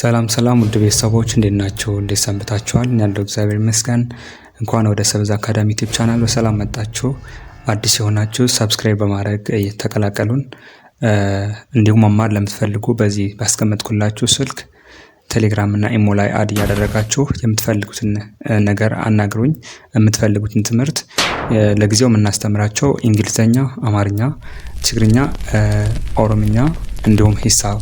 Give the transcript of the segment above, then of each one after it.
ሰላም ሰላም ውድ ቤተሰቦች እንዴት ናቸው? እንዴት ሰንብታችኋል? እኔ ያለው እግዚአብሔር ይመስገን። እንኳን ወደ ሰብዝ አካዳሚ ዩቲዩብ ቻናል በሰላም መጣችሁ። አዲስ የሆናችሁ ሰብስክራይብ በማድረግ እየተቀላቀሉን፣ እንዲሁም መማር ለምትፈልጉ በዚህ ባስቀመጥኩላችሁ ስልክ ቴሌግራም እና ኢሞ ላይ አድ እያደረጋችሁ የምትፈልጉትን ነገር አናግሩኝ። የምትፈልጉትን ትምህርት ለጊዜው የምናስተምራቸው እንግሊዝኛ፣ አማርኛ፣ ትግርኛ፣ ኦሮምኛ እንዲሁም ሂሳብ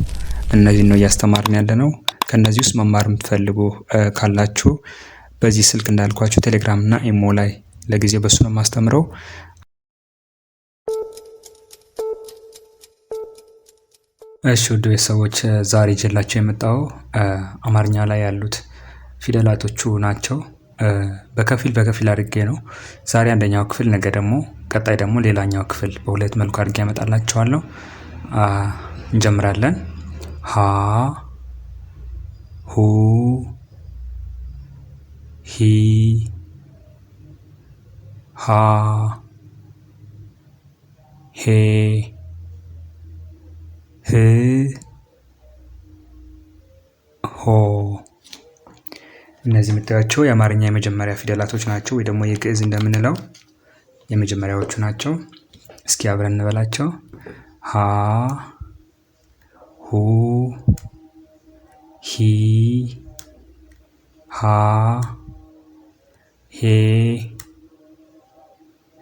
እነዚህን ነው እያስተማርን ያለ ነው። ከእነዚህ ውስጥ መማር የምትፈልጉ ካላችሁ በዚህ ስልክ እንዳልኳችሁ ቴሌግራም እና ኢሞ ላይ ለጊዜ በሱ ነው የማስተምረው። እሺ ውድ ቤተሰቦች ዛሬ ጀላቸው የመጣው አማርኛ ላይ ያሉት ፊደላቶቹ ናቸው። በከፊል በከፊል አድርጌ ነው ዛሬ አንደኛው ክፍል፣ ነገ ደግሞ ቀጣይ ደግሞ ሌላኛው ክፍል በሁለት መልኩ አድርጌ ያመጣላቸዋለሁ። እንጀምራለን ሃ ሁ ሂ ሃ ሄ ህ ሆ እነዚህ የምታዩዋቸው የአማርኛ የመጀመሪያ ፊደላቶች ናቸው ወይ ደግሞ የግዕዝ እንደምንለው የመጀመሪያዎቹ ናቸው። እስኪ አብረን እንበላቸው። ሀ ሁ ሂ ሃ ሄ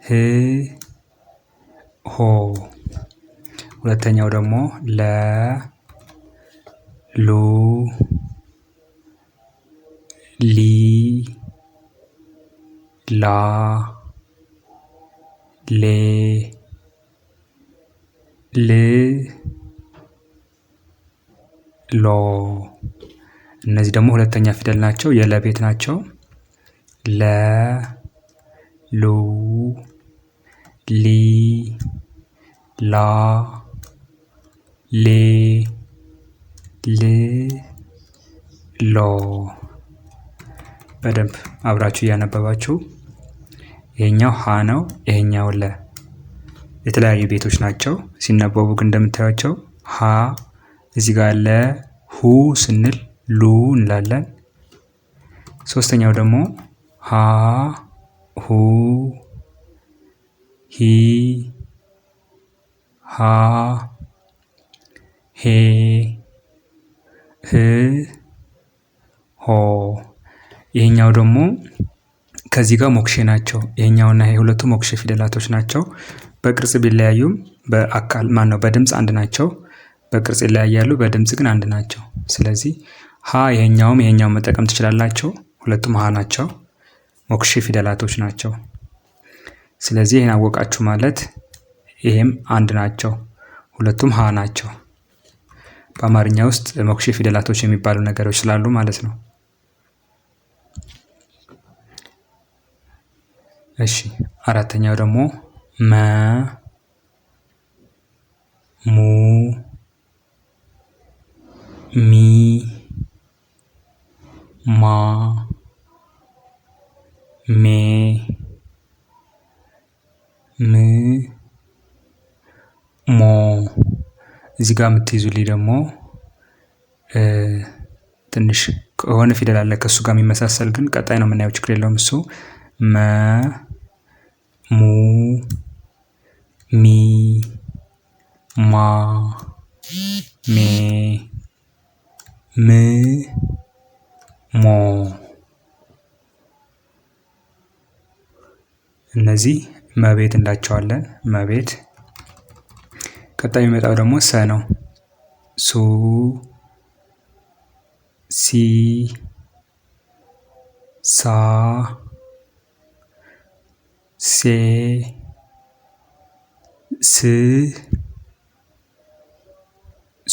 ህ ሆ ሁለተኛው ደግሞ ለ ሉ ሊ ላ ሌ ል ሎ እነዚህ ደግሞ ሁለተኛ ፊደል ናቸው። የለቤት ናቸው። ለ ሉ ሊ ላ ሌ ል ሎ በደንብ አብራችሁ እያነበባችሁ ይሄኛው ሀ ነው። ይሄኛው ለ የተለያዩ ቤቶች ናቸው። ሲነበቡ ግን እንደምታዩቸው ሀ እዚህ ጋር ለ ሁ ስንል ሉ እንላለን። ሶስተኛው ደግሞ ሀ ሁ ሂ ሀ ሄ ህ ሆ። ይሄኛው ደግሞ ከዚህ ጋር ሞክሼ ናቸው። ይሄኛውና ይሄ ሁለቱ ሞክሼ ፊደላቶች ናቸው። በቅርጽ ቢለያዩም በአካል ማን ነው በድምፅ አንድ ናቸው። በቅርጽ ይለያያሉ፣ በድምፅ ግን አንድ ናቸው። ስለዚህ ሀ ይሄኛውም ይሄኛውን መጠቀም ትችላላችሁ። ሁለቱም ሀ ናቸው፣ ሞክሼ ፊደላቶች ናቸው። ስለዚህ ይህን አወቃችሁ ማለት ይሄም አንድ ናቸው፣ ሁለቱም ሀ ናቸው። በአማርኛ ውስጥ ሞክሼ ፊደላቶች የሚባሉ ነገሮች ስላሉ ማለት ነው። እሺ አራተኛው ደግሞ መ ሙ ሚ እዚህ ጋር የምትይዙልኝ ደግሞ ትንሽ ከሆነ ፊደል አለ ከእሱ ጋር የሚመሳሰል ግን ቀጣይ ነው የምናየው። ችግር የለውም እሱ መ ሙ ሚ ማ ሜ ም ሞ እነዚህ መቤት እንላቸዋለን። መቤት ቀጣይ የሚመጣው ደግሞ ሰ ነው። ሱ ሲ ሳ ሴ ስ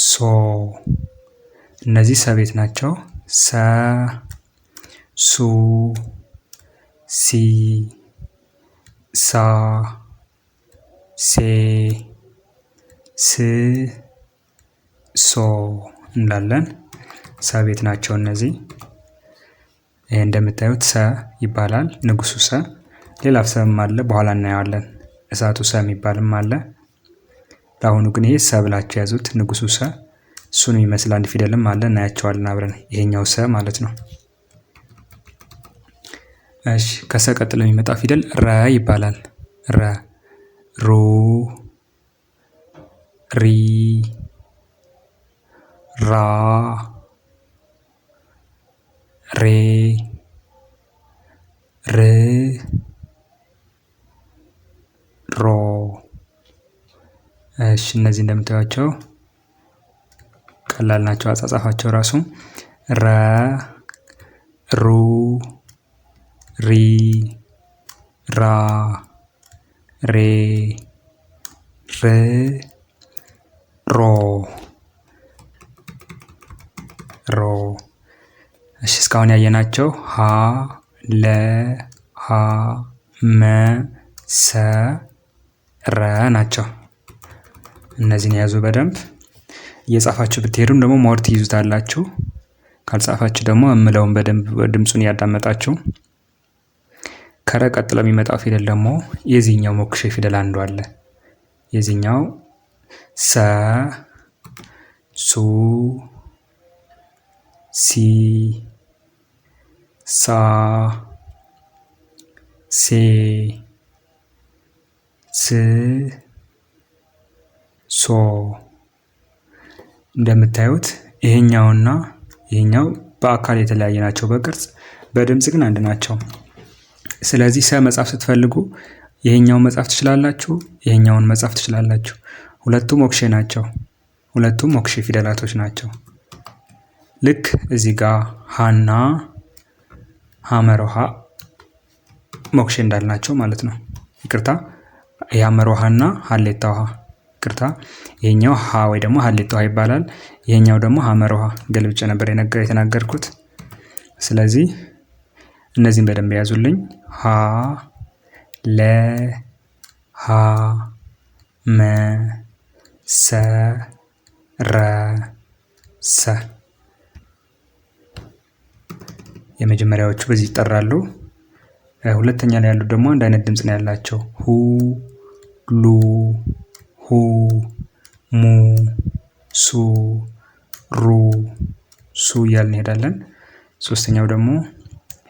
ሶ እነዚህ ሰቤት ናቸው። ሰ ሱ ሲ ሳ ሴ ስ ሶ እንላለን። ሰ ቤት ናቸው እነዚህ። ይሄ እንደምታዩት ሰ ይባላል። ንጉሱ ሰ። ሌላ ሰም አለ፣ በኋላ እናየዋለን። እሳቱ ሰ የሚባልም አለ። ለአሁኑ ግን ይሄ ሰ ብላቸው ያዙት። ንጉሱ ሰ እሱን የሚመስል አንድ ፊደልም አለ፣ እናያቸዋለን አብረን። ይሄኛው ሰ ማለት ነው። እሺ ከሰ ቀጥሎ የሚመጣ ፊደል ረ ይባላል። ረ ሩ ሪ ራ ሬ ር ሮ እሺ እነዚህ እንደምታዩቸው ቀላል ናቸው። አጻጻፋቸው ራሱ ረ ሩ ሪ ራ ሬ ር ሮ ሮ እሺ እስካሁን ያየናቸው ሀ ለ ሀ መ ሰ ረ ናቸው። እነዚህን የያዙ በደንብ እየጻፋችሁ ብትሄዱም ደግሞ ሞር ትይዙታላችሁ። ካልጻፋችሁ ደግሞ እምለውን በደንብ ድምፁን እያዳመጣችሁ ከረ ቀጥሎ የሚመጣው ፊደል ደግሞ የዚህኛው ሞክሼ ፊደል አንዱ አለ የዚህኛው ሰ ሱ ሲ ሳ ሴ ስ ሶ እንደምታዩት ይሄኛውና ይሄኛው በአካል የተለያየ ናቸው። በቅርጽ በድምፅ ግን አንድ ናቸው። ስለዚህ ሰ መጻፍ ስትፈልጉ ይሄኛውን መጻፍ ትችላላችሁ፣ ይሄኛውን መጻፍ ትችላላችሁ። ሁለቱም ሞክሼ ናቸው። ሁለቱም ሞክሼ ፊደላቶች ናቸው። ልክ እዚህ ጋር ሃና ሀመሮሃ ሞክሼ እንዳልናቸው ማለት ነው። ይቅርታ የሀመሮሃ እና ሀሌታ ውሃ ይቅርታ፣ ይሄኛው ሀ ወይ ደግሞ ሀሌታ ውሃ ይባላል። ይሄኛው ደግሞ ሀመሮሃ ገልብጭ ነበር የተናገርኩት። ስለዚህ እነዚህን በደንብ የያዙልኝ ሀ ለ ሀ መ ሰ ረ ሰ የመጀመሪያዎቹ በዚህ ይጠራሉ። ሁለተኛ ላይ ያሉት ደግሞ አንድ አይነት ድምፅ ነው ያላቸው ሁ ሉ ሁ ሙ ሱ ሩ ሱ እያልን እንሄዳለን። ሶስተኛው ደግሞ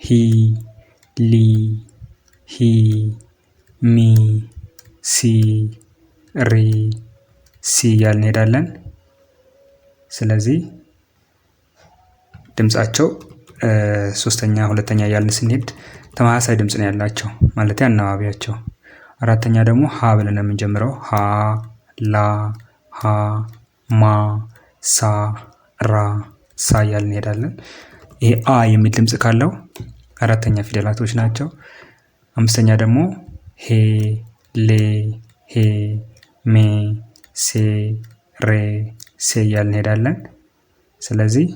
ሂ ሊ ሂ ሚ ሲ ሪ ሲ እያል ሄዳለን። ስለዚህ ድምጻቸው ሶስተኛ፣ ሁለተኛ እያልን ስንሄድ ተመሳሳይ ድምፅ ነው ያላቸው ማለት አናባቢያቸው። አራተኛ ደግሞ ሀ ብለን ነው የምንጀምረው። ሀ ላ ሀ ማ ሳ ራ ሳ እያልን እንሄዳለን። ይሄ አ የሚል ድምፅ ካለው አራተኛ ፊደላቶች ናቸው። አምስተኛ ደግሞ ሄ ሌ ሄ ሜ ሴ ሬ ሴ እያልን እንሄዳለን። ስለዚህ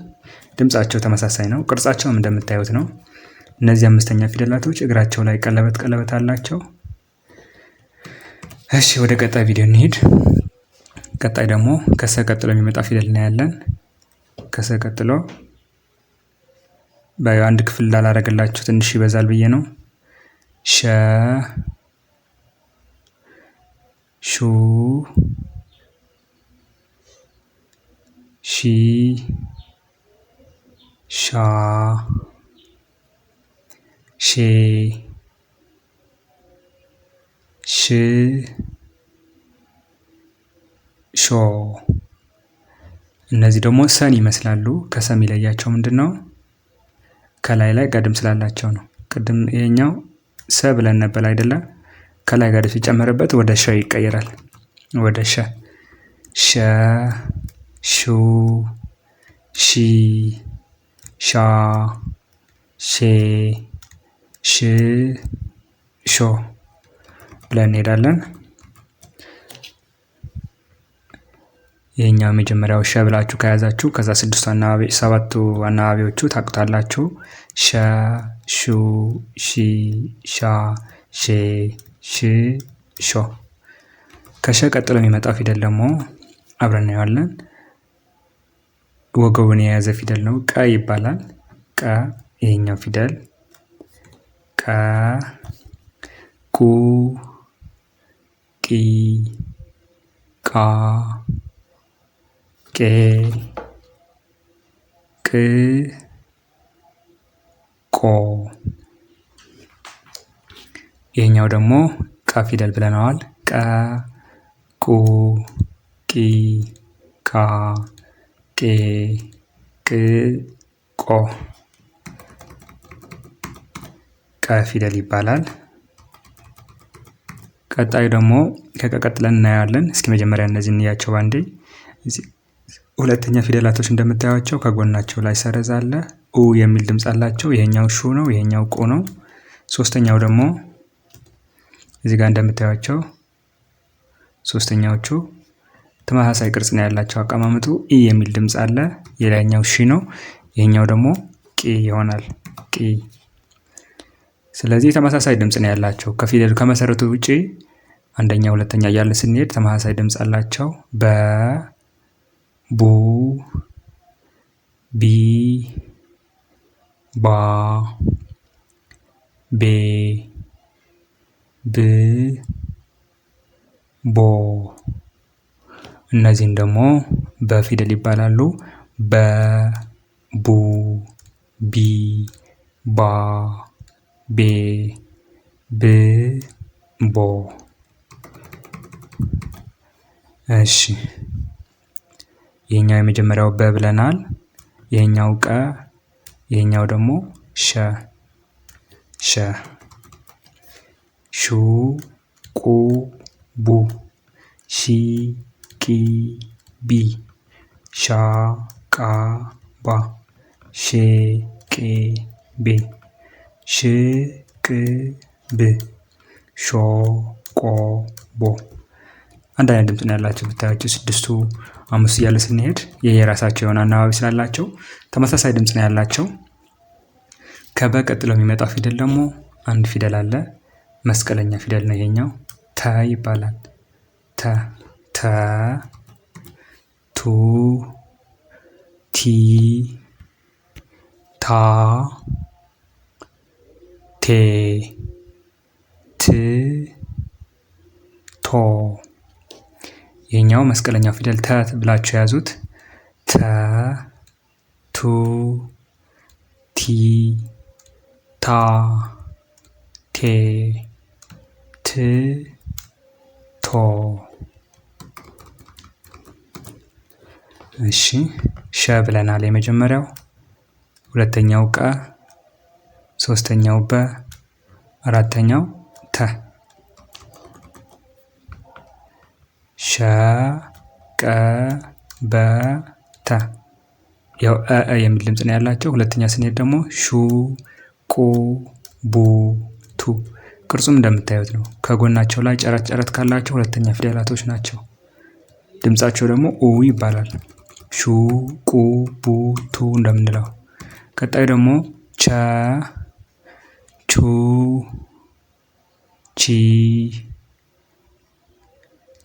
ድምጻቸው ተመሳሳይ ነው። ቅርጻቸውም እንደምታዩት ነው። እነዚህ አምስተኛ ፊደላቶች እግራቸው ላይ ቀለበት ቀለበት አላቸው። እሺ ወደ ቀጣይ ቪዲዮ እንሂድ። ቀጣይ ደግሞ ከሰ ቀጥሎ የሚመጣ ፊደል እናያለን። ከሰ ቀጥሎ በአንድ ክፍል ላላረግላችሁ ትንሽ ይበዛል ብዬ ነው። ሸ ሹ ሺ ሻ ሼ ሽ ሾ እነዚህ ደግሞ ሰን ይመስላሉ። ከሰ የሚለያቸው ምንድን ነው? ከላይ ላይ ቀድም ስላላቸው ነው። ቅድም ይሄኛው ሰ ብለን ነበር አይደለም? ከላይ ጋር ሲጨመርበት ወደ ሸ ይቀየራል። ወደ ሸ ሸ ሹ ሺ ሻ ሼ ሽ ሾ ብለን እንሄዳለን። ይህኛው መጀመሪያው ሸ ብላችሁ ከያዛችሁ ከዛ ስድስቱ አናባቢ ሰባቱ አናባቢዎቹ ታቁታላችሁ። ሸ ሹ ሺ ሻ ሼ ሽ ሾ። ከሸ ቀጥሎ የሚመጣው ፊደል ደግሞ አብረን እናየዋለን። ወገቡን የያዘ ፊደል ነው። ቀ ይባላል። ቀ ይሄኛው ፊደል ቀ ቁ ቂ ቃ ቄ ቅ ቆ። ይሄኛው ደግሞ ቀ ፊደል ብለነዋል። ቀ ቁ ቂ ቃ ቄ ቅ ቆ ቀ ፊደል ይባላል። ቀጣዩ ደግሞ ከቀቀጥለን ቀጥለን እናየዋለን። እስኪ መጀመሪያ እነዚህ እንያቸው ባንዴ። ሁለተኛ ፊደላቶች እንደምታዩቸው ከጎናቸው ላይ ሰረዝ አለ። ኡ የሚል ድምፅ አላቸው። ይሄኛው ሹ ነው፣ ይሄኛው ቁ ነው። ሶስተኛው ደግሞ እዚህ ጋር ሶስተኛዎቹ ተመሳሳይ ቅርጽ ነው ያላቸው። አቀማመጡ ኢ የሚል ድምፅ አለ። የላይኛው ሺ ነው፣ ይህኛው ደግሞ ቂ ይሆናል። ቂ። ስለዚህ ተመሳሳይ ድምፅ ነው ያላቸው። ከፊደል ከመሰረቱ ውጪ አንደኛ ሁለተኛ እያለ ስንሄድ ተመሳሳይ ድምፅ አላቸው። በ፣ ቡ፣ ቢ፣ ባ፣ ቤ፣ ብ፣ ቦ እነዚህን ደግሞ በፊደል ይባላሉ። በ ቡ ቢ ባ ቤ ብ ቦ። እሺ ይሄኛው የመጀመሪያው በ ብለናል። ይሄኛው ቀ ይሄኛው ደግሞ ሸ ሸ ሹ ቁ ቡ ሺ ቂቢ ሻቃባ ሼቄቤ ሽቅብ ሾቆቦ አንድ አይነት ድምፅ ነው ያላቸው። ብታያቸው ስድስቱ አምስቱ እያለ ስንሄድ የየራሳቸው የሆነ አናባቢ ስላላቸው ተመሳሳይ ድምጽ ነው ያላቸው። ከበ ቀጥለው የሚመጣው ፊደል ደግሞ አንድ ፊደል አለ። መስቀለኛ ፊደል ነው ይሄኛው። ተ ይባላል። ተ ተ ቱ ቲ ታ ቴ ት ቶ ይህኛው መስቀለኛው ፊደል ተ ብላችሁ የያዙት ተ ቱ ቲ ታ ቴ ት ቶ እሺ ሸ ብለናል የመጀመሪያው ሁለተኛው ቀ ሶስተኛው በ አራተኛው ተ ሸ ቀ በ ተ ያው እ የሚል ድምጽ ነው ያላቸው። ሁለተኛ ስንሄድ ደግሞ ሹ ቁ ቡ ቱ ቅርጹም እንደምታዩት ነው። ከጎናቸው ላይ ጨረት ጨረት ካላቸው ሁለተኛ ፊደላቶች ናቸው። ድምጻቸው ደግሞ ኡ ይባላል። ሹ ቁ ቡ ቱ እንደምንለው። ቀጣዩ ደግሞ ቸ ቹ ቺ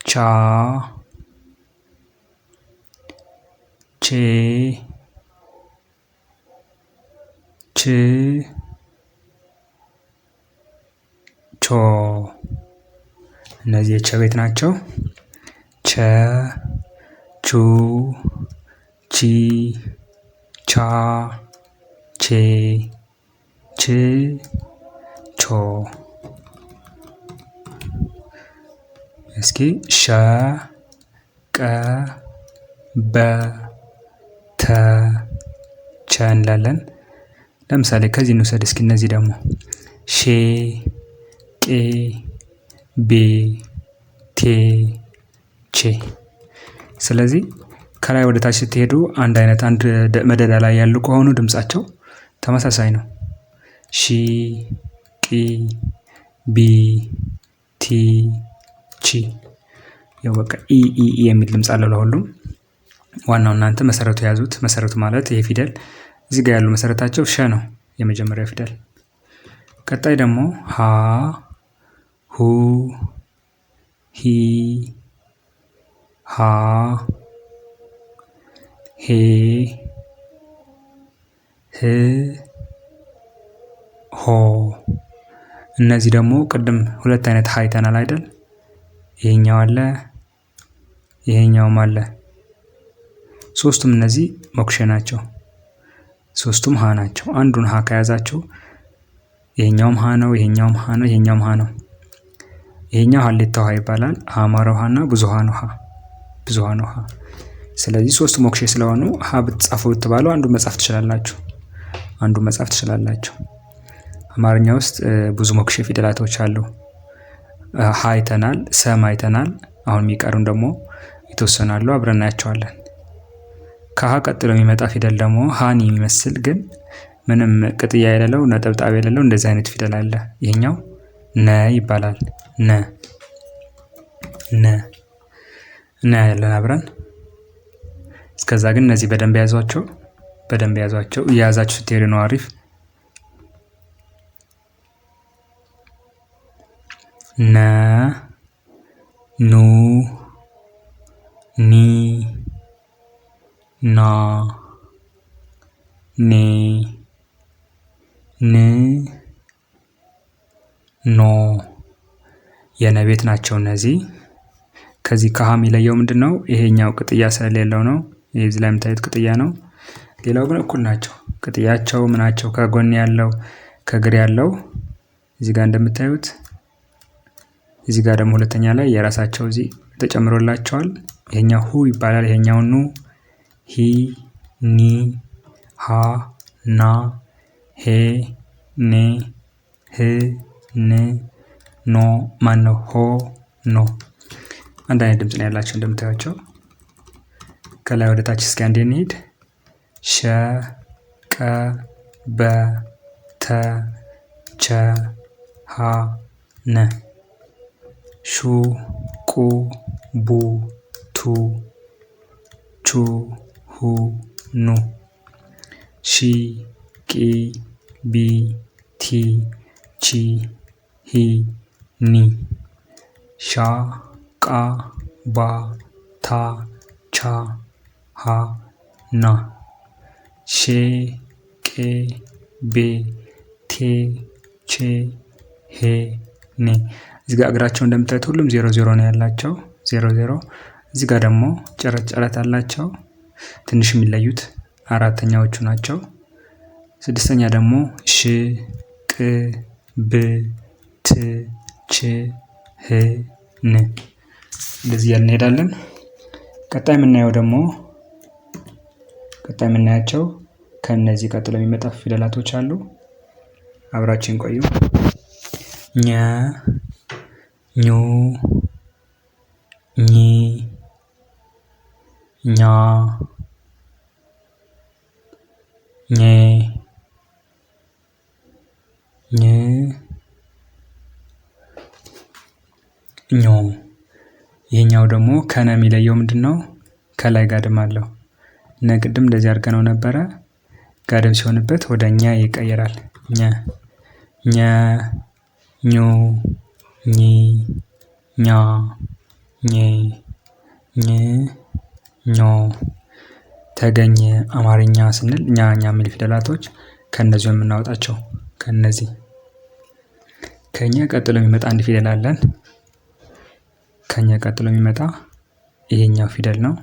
ቻ ቼ ች ቾ እነዚህ የቸ ቤት ናቸው። ቸ ቹ ቺ ቻ ቼ ች ቾ እስኪ ሸ ቀ በ ተ ቸ እንላለን። ለምሳሌ ከዚህ እንውሰድ እስኪ እነዚህ ደግሞ ሼ ቄ ቤ ቴ ቼ ስለዚህ ከላይ ወደ ታች ስትሄዱ አንድ አይነት አንድ መደዳ ላይ ያሉ ከሆኑ ድምጻቸው ተመሳሳይ ነው። ሺ፣ ቂ፣ ቢ፣ ቲ፣ ቺ። ያው በቃ ኢ ኢ የሚል ድምጽ አለው ለሁሉም። ዋናው እናንተ መሰረቱ የያዙት። መሰረቱ ማለት ይሄ ፊደል እዚህ ጋር ያሉ መሰረታቸው ሸ ነው የመጀመሪያው ፊደል። ቀጣይ ደግሞ ሀ፣ ሁ፣ ሂ፣ ሃ ሄ ህ ሆ እነዚህ ደግሞ ቅድም ሁለት አይነት ሀ አይተናል አይደል? ይሄኛው አለ ይሄኛውም አለ ሶስቱም እነዚህ ሞክሼ ናቸው። ሶስቱም ሀ ናቸው። አንዱን ሀ ከያዛችሁ ይሄኛውም ሀ ነው፣ ይሄኛውም ሀ ነው፣ ይሄኛውም ሀ ነው። ይሄኛው ሀሌታው ውሃ ይባላል። አማረ ውሃና ሀ ውሃ። ብዙሃኑ ሀ ስለዚህ ሶስት ሞክሼ ስለሆኑ ሀ ብትጻፉ ብትባለው አንዱ መጻፍ ትችላላችሁ። አንዱ መጻፍ ትችላላችሁ። አማርኛ ውስጥ ብዙ ሞክሼ ፊደላቶች አሉ። ሀ አይተናል፣ ሰም አይተናል። አሁን የሚቀሩን ደግሞ የተወሰኑ አብረን እናያቸዋለን። ከሀ ቀጥሎ የሚመጣ ፊደል ደግሞ ሀን የሚመስል ግን ምንም ቅጥያ የሌለው ነጠብጣብ የሌለው እንደዚህ አይነት ፊደል አለ። ይህኛው ነ ይባላል። ነ ነ እና ያለን አብረን እስከዛ ግን እነዚህ በደንብ የያዟቸው በደንብ ያዟቸው። እየያዛችሁ ስትሄዱ ነው አሪፍ። ነ ኑ ኒ ና ኔ ን ኖ የነቤት ናቸው እነዚህ። ከዚህ ከሀ የሚለየው ምንድን ነው? ይሄኛው ቅጥያ ስለሌለው ነው። ይህ እዚህ ላይ የምታዩት ቅጥያ ነው። ሌላው ግን እኩል ናቸው። ቅጥያቸው ምናቸው ከጎን ያለው ከግር ያለው እዚህ ጋር እንደምታዩት እዚህ ጋር ደግሞ ሁለተኛ ላይ የራሳቸው እዚህ ተጨምሮላቸዋል። ይሄኛው ሁ ይባላል። ይሄኛው ኑ፣ ሂ፣ ኒ፣ ሃ፣ ና፣ ሄ፣ ኔ፣ ህ፣ ን፣ ኖ ማን ሆ፣ ኖ አንድ አይነት ድምፅ ነው ያላቸው እንደምታያቸው። ከላይ ወደ ታች እስኪ አንዴ እንሂድ። ሸ ቀ በ ተ ቸ ሀ ነ ሹ ቁ ቡ ቱ ቹ ሁ ኑ ሺ ቂ ቢ ቲ ቺ ሂ ኒ ሻ ቃ ባ ታ ቻ ሃ ና ሼ ቄ ቤ ቴ ቼ ሄ ኔ እዚጋ ጋር እግራቸው እንደምታዩት ሁሉም ዜሮ ዜሮ ነው ያላቸው። ዜሮ ዜሮ እዚህ ደግሞ ጨረት ጨረት አላቸው። ትንሽ የሚለዩት አራተኛዎቹ ናቸው። ስድስተኛ ደግሞ ሽ ቅ ብ ት ች ህ ን እንደዚህ ያልን እንሄዳለን። ቀጣይ የምናየው ደግሞ ቀጣይ የምናያቸው ከእነዚህ ቀጥሎ የሚመጣ ፊደላቶች አሉ። አብራችን ቆዩ። ኘ፣ ኙ፣ ኚ፣ ኛ፣ ኜ፣ ኝ፣ ኞ። ይህኛው ደግሞ ከነ የሚለየው ምንድን ነው? ከላይ ጋድም አለው። እና ቅድም እንደዚህ አድርገነው ነበረ። ጋደም ሲሆንበት ወደ ኛ ይቀየራል። እኛ ኛ ኞ ኚ ኛ ኚ ኝ ኞ ተገኘ አማርኛ ስንል ኛ ኛ የሚል ፊደላቶች ከእነዚሁ የምናወጣቸው ከነዚህ ከኛ ቀጥሎ የሚመጣ አንድ ፊደል አለን። ከኛ ቀጥሎ የሚመጣ ይሄኛው ፊደል ነው።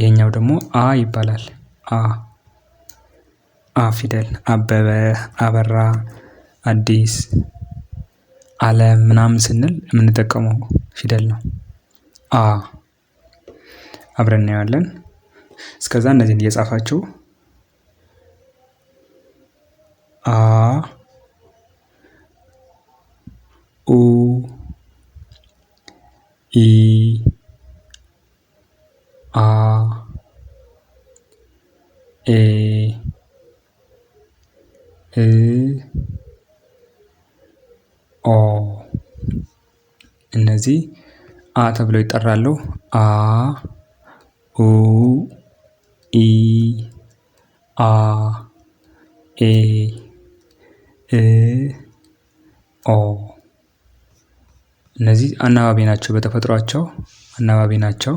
ይህኛው ደግሞ አ ይባላል። አ አ ፊደል አበበ፣ አበራ፣ አዲስ፣ አለም ምናምን ስንል የምንጠቀመው ፊደል ነው። አ አብረን እናየዋለን። እስከዛ እነዚህን እየጻፋችሁ አ ኡ ኢ ኦ እነዚህ አ ተብለው ይጠራሉ። አ ኡ ኢ አ ኤ እ ኦ እነዚህ አናባቢ ናቸው። በተፈጥሯቸው አናባቢ ናቸው።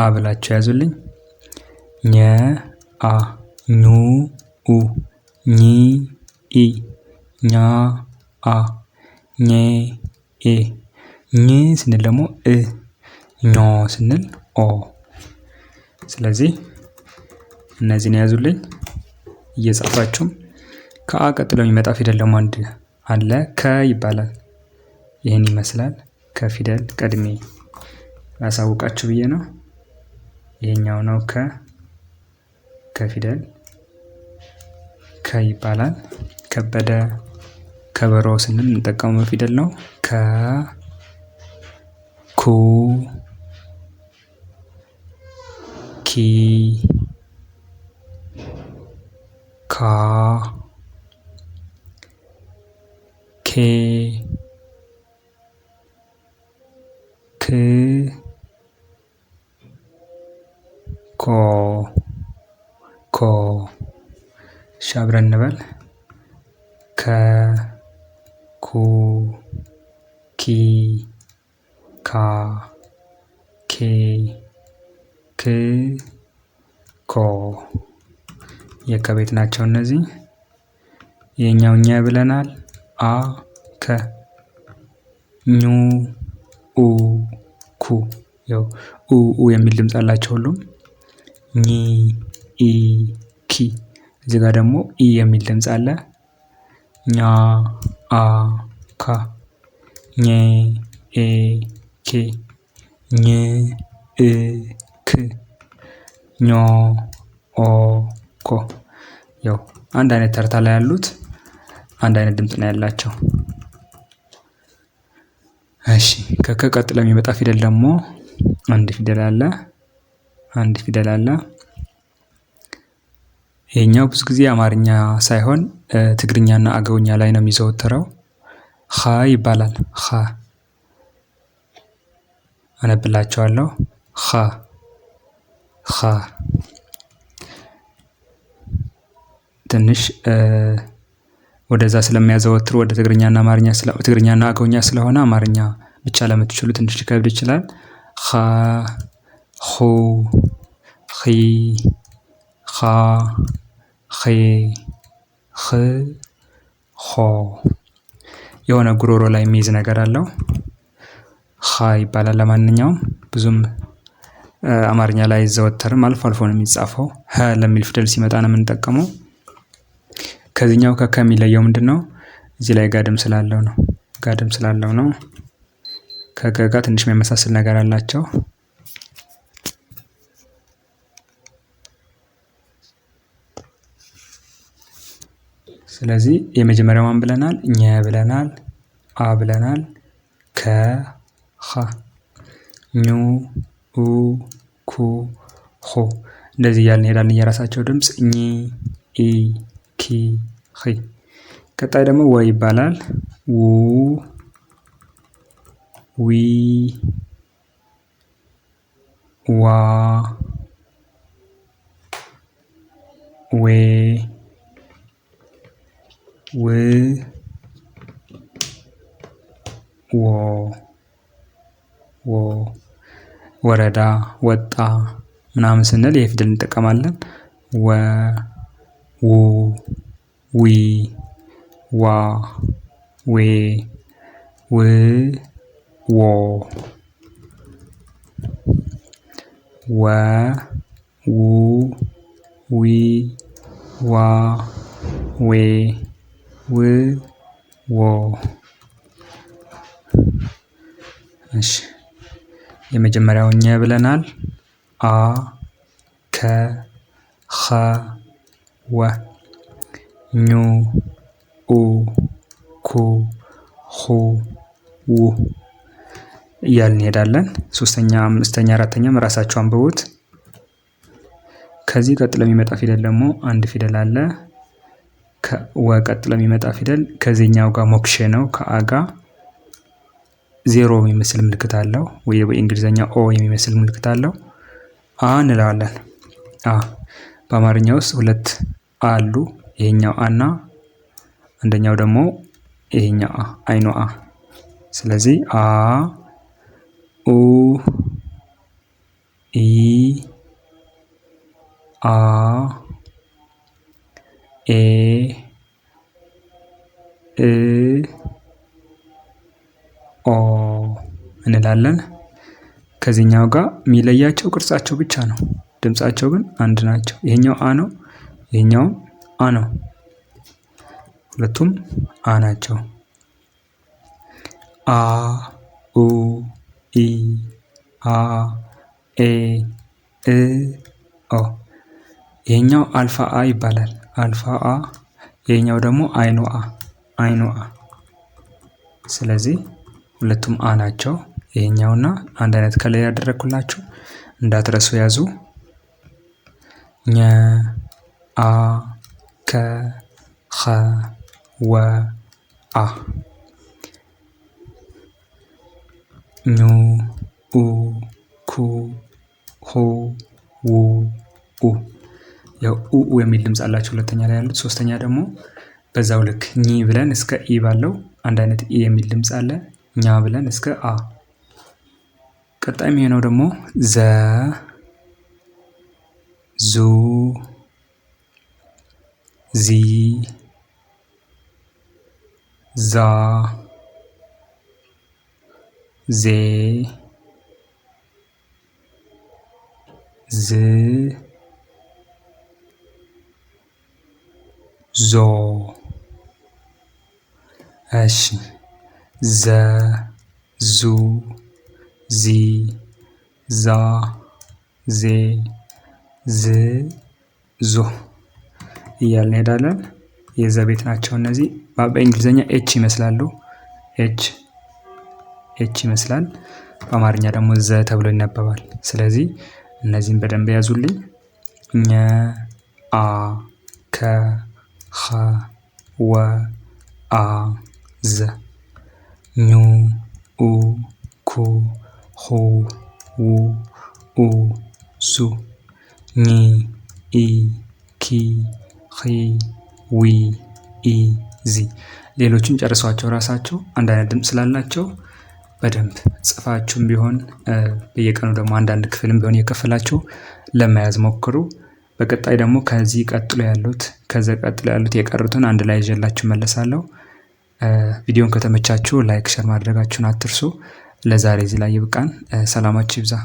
አ ብላቸው ያዙልኝ። ኘ አ ኙ ኝ ኢ ኛ አ ኜ ኤ ኝ ስንል ደግሞ እ ኞ ስንል ኦ። ስለዚህ እነዚህን የያዙልኝ እየጻፋችሁም ከአ ቀጥሎ የሚመጣ ፊደል ደግሞ አንድ አለ ከ ይባላል። ይህን ይመስላል ከፊደል ቀድሜ ላሳውቃችሁ ብዬ ነው። ይሄኛው ነው ከ ከፊደል ይባላል። ከበደ ከበሮ ስንል የምንጠቀመው ፊደል ነው። ከ ኩ ኪ ካ ኬ ክ ኮ እሺ አብረን እንበል ከ ኩ ኪ ካ ኬ ክ ኮ የከቤት ናቸው እነዚህ። የኛው እኛ ብለናል። አ ከ ኙ ኡ ኩ ያው ኡ ኡ የሚል ድምፅ አላቸው ሁሉም ኚ ኢ ኪ እዚህ ጋር ደግሞ ኢ የሚል ድምፅ አለ። ኛ አ ካ ኘ ኤ ኬ ኝ እ ክ ኞ ኦ ኮ ያው አንድ አይነት ተርታ ላይ ያሉት አንድ አይነት ድምፅ ነው ያላቸው። እሺ ከከ ቀጥሎ የሚመጣ ፊደል ደግሞ አንድ ፊደል አለ አንድ ፊደል አለ ይሄኛው ብዙ ጊዜ አማርኛ ሳይሆን ትግርኛና አገውኛ ላይ ነው የሚዘወተረው። ኸ ይባላል። ኸ አነብላቸዋለሁ። ኸ ኸ ትንሽ ወደዛ ስለሚያዘወትር ወደ ትግርኛና አማርኛ ትግርኛና አገውኛ ስለሆነ አማርኛ ብቻ ለምትችሉ ትንሽ ሊከብድ ይችላል። ኸ ኹ ኺ ኻ ኼ ኽ ኾ የሆነ ጉሮሮ ላይ የሚይዝ ነገር አለው። ኻ ይባላል። ለማንኛውም ብዙም አማርኛ ላይ አይዘወተርም። አልፎ አልፎ ነው የሚጻፈው። ሀ ለሚል ፊደል ሲመጣ ነው የምንጠቀመው። ከዚህኛው ከከ የሚለየው ምንድን ነው? እዚህ ላይ ጋድም ስላለው ነው። ጋድም ስላለው ነው። ከከ ጋር ትንሽ የሚያመሳስል ነገር አላቸው። ስለዚህ የመጀመሪያው ማን ብለናል? ኘ ብለናል። አ ብለናል። ከ ኸ ኙ ኡ ኩ ኹ እንደዚህ እያልን ሄዳልን የራሳቸው ድምፅ ኚ ኢ ኪ ኺ። ቀጣይ ደግሞ ወ ይባላል። ው ዊ ዋ ዌ ው ዎ ዎ ወረዳ ወጣ ምናምን ስንል ይሄ ፊደል እንጠቀማለን። ወ ው ዊ ዋ ዌ ው ዎ ወ ው ዊ ዋ ዌ ውዎ እሺ የመጀመሪያውን ኘ ብለናል። አ ከ ኸ ወ ኙ ኡ ኩ ሁ ው እያል እንሄዳለን። ሶስተኛ አምስተኛ አራተኛም ራሳቸው አንብቡት። ከዚህ ቀጥሎ የሚመጣ ፊደል ደግሞ አንድ ፊደል አለ ወ ቀጥሎ የሚመጣ ፊደል ከዚህኛው ጋር ሞክሼ ነው። ከአጋ ዜሮ የሚመስል ምልክት አለው፣ ወይ በእንግሊዝኛ ኦ የሚመስል ምልክት አለው። አ እንለዋለን። አ በአማርኛ ውስጥ ሁለት አ አሉ። ይሄኛው አ እና አንደኛው ደግሞ ይሄኛው አ አይኑ አ። ስለዚህ አ ኡ ኢ አ ኤ እ ኦ እንላለን። ከዚህኛው ጋር የሚለያቸው ቅርጻቸው ብቻ ነው። ድምጻቸው ግን አንድ ናቸው። ይሄኛው አ ነው፣ ይሄኛውም አ ነው። ሁለቱም አ ናቸው። አ ኡ ኢ አ ኤ እ ኦ። ይሄኛው አልፋ አ ይባላል። አልፋ አ ይሄኛው ደግሞ አይኑ አ አይኑ አ። ስለዚህ ሁለቱም አ ናቸው። ይሄኛውና አንድ አይነት ከለር ያደረግኩላችሁ እንዳትረሱ ያዙ። ኘ አ ከ ኸ ወ አ ኙ ኡ ኩ ሁ ው ኡ ያው ኡ የሚል ድምፅ አላቸው ሁለተኛ ላይ ያሉት። ሶስተኛ ደግሞ በዛው ልክ ኝ ብለን እስከ ኢ ባለው አንድ አይነት ኢ የሚል ድምፅ አለ። ኛ ብለን እስከ አ። ቀጣይ የሚሆነው ደግሞ ዘ ዙ ዚ ዛ ዜ ዝ ዞ እሺ ዘ ዙ ዚ ዛ ዜ ዝ ዞ እያልን እንሄዳለን። የዘ ቤት ናቸው እነዚህ። በእንግሊዝኛ ኤች ይመስላሉ። ኤች ኤች ይመስላል። በአማርኛ ደግሞ ዘ ተብሎ ይነበባል። ስለዚህ እነዚህን በደንብ ያዙልኝ። ኘ አ ከ ኸ ወ አ ዘ ኙ ኡ ኩ ሁ ው ኡ ዙ ኒ ኢ ኪ ኺ ዊ ኢ ዚ ሌሎችም ጨርሷቸው ራሳቸው አንድ አይነት ድምፅ ስላላቸው በደንብ ጽፋችሁም ቢሆን በየቀኑ ደግሞ አንዳንድ ክፍልም ቢሆን እየከፈላችሁ ለመያዝ ሞክሩ። በቀጣይ ደግሞ ከዚህ ቀጥሎ ያሉት ከዚ ቀጥሎ ያሉት የቀሩትን አንድ ላይ ይዤላችሁ መለሳለሁ። ቪዲዮን ከተመቻችሁ ላይክ፣ ሸር ማድረጋችሁን አትርሱ። ለዛሬ እዚህ ላይ ይብቃን። ሰላማችሁ ይብዛ።